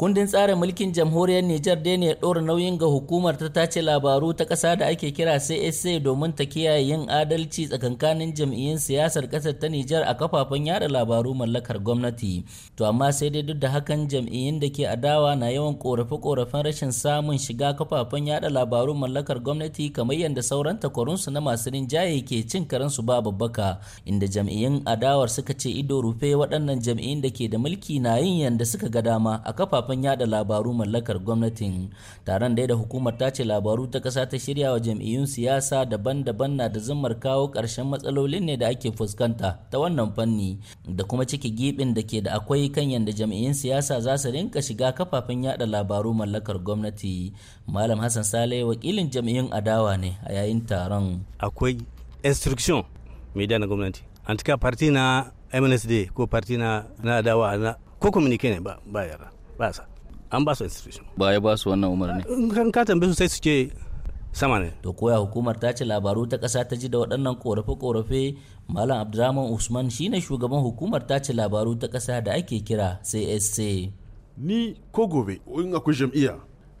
Kundin tsarin mulkin jamhuriyar Nijar dai ne ɗora nauyin ga hukumar ta tace labaru ta ƙasa da ake kira CSA domin ta kiyaye yin adalci tsakankanin jam'iyyun siyasar ƙasar ta Nijar a kafafen yada labaru mallakar gwamnati. To amma sai dai duk da hakan jam'iyyun da ke adawa na yawan ƙorafe-ƙorafen rashin samun shiga kafafen yada labaru mallakar gwamnati kamar yadda sauran takwarunsu na masu rinjaye ke cin karansu ba babbaka inda jam'iyyun adawar suka ce ido rufe waɗannan jam'iyyun da ke da mulki na yin yadda suka ga dama a kafafen kafafen yada labaru mallakar gwamnatin taron da da hukumar ta ce labaru ta kasa ta shirya wa jam'iyyun siyasa daban-daban na da zimmar kawo ƙarshen matsalolin ne da ake fuskanta ta wannan fanni da kuma ciki gibin da ke da akwai kan yadda jam'iyyun siyasa za su rinka shiga kafafen yada labaru mallakar gwamnati malam hassan sale wakilin jam'iyyun adawa ne a yayin taron akwai instruction media na gwamnati an cika parti na mnsd ko parti na adawa ko communique ne ba ba yara ba sa an ba su institution ba ya ba su wannan umarni kan ka tambaye su sai su ce sama ne to koya hukumar ta ce labaru ta kasa ta ji da waɗannan korafe-korafe malam abdulrahman usman shine shugaban hukumar ta ce labaru ta kasa da ake kira csc ni ko gobe in akwai jam'iyya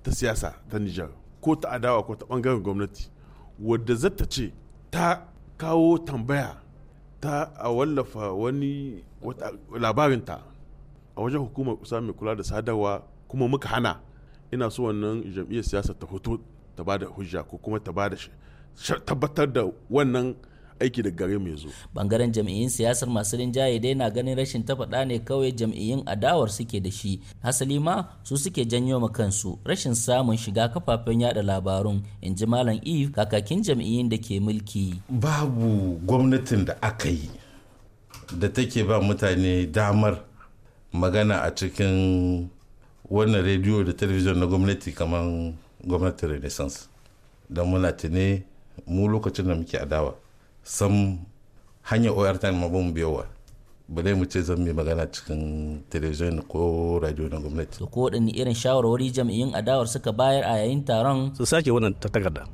ta siyasa ta nijar ko ta adawa ko ta bangaren gwamnati wadda zata ce ta kawo tambaya ta a wallafa wani labarinta a wajen hukumar kusa mai kula da sadarwa kuma muka hana ina so wannan jam'iyyar siyasa ta hoto ta ba da hujja ko kuma ta ba da tabbatar da wannan aiki da gare mai zo. Bangaren jam'iyyun siyasar masu rinjaye dai na ganin rashin ta faɗa ne kawai jam'iyyun adawar suke da shi. Hasali ma su suke janyo ma kansu rashin samun shiga kafafen yada labarun in ji Malam Eve kakakin jam'iyyun da ke mulki. Babu gwamnatin da aka yi da take ba mutane damar magana a cikin wannan rediyo da talabijin na gwamnati kamar gwamnatin renaissance don muna tune mu lokacin da muke adawa sam hanyar or time ma bamu biyowa ba dai mu ce zan mai magana cikin talabijin ko radio na gwamnati to ko waɗanne irin shawarwari jami'in adawar suka bayar a yayin taron su sake wannan takarda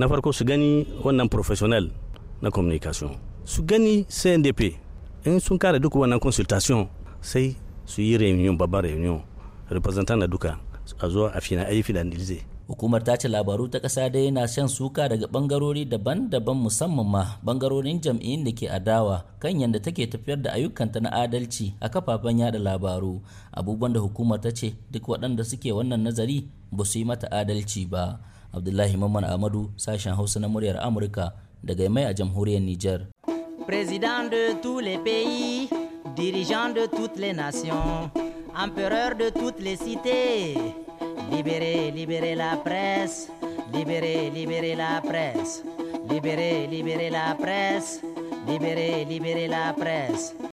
na farko su gani wannan professional na communication su gani cndp in sun kare duk wannan consultation sai su yi reunion babban reunion representant na duka a zo a fina ayi filandilize hukumar ta ce labaru ta kasa dai na shan suka daga bangarori daban-daban musamman ma bangarorin jam'iyyun da ke adawa kan yadda take tafiyar da ayyukanta na adalci a kafafen yada labaru abubuwan da hukumar ta ce duk waɗanda suke wannan nazari ba su yi mata adalci ba abdullahi mamman amadu sashen hausa na muryar amurka daga mai a jamhuriyar nijar. president de tous les pays dirigeant de toutes les nations, empereur de toutes les cités. Libérez, libérez la presse, libérez, libérez la presse, libérez, libérez la presse, libérez, libérez la presse.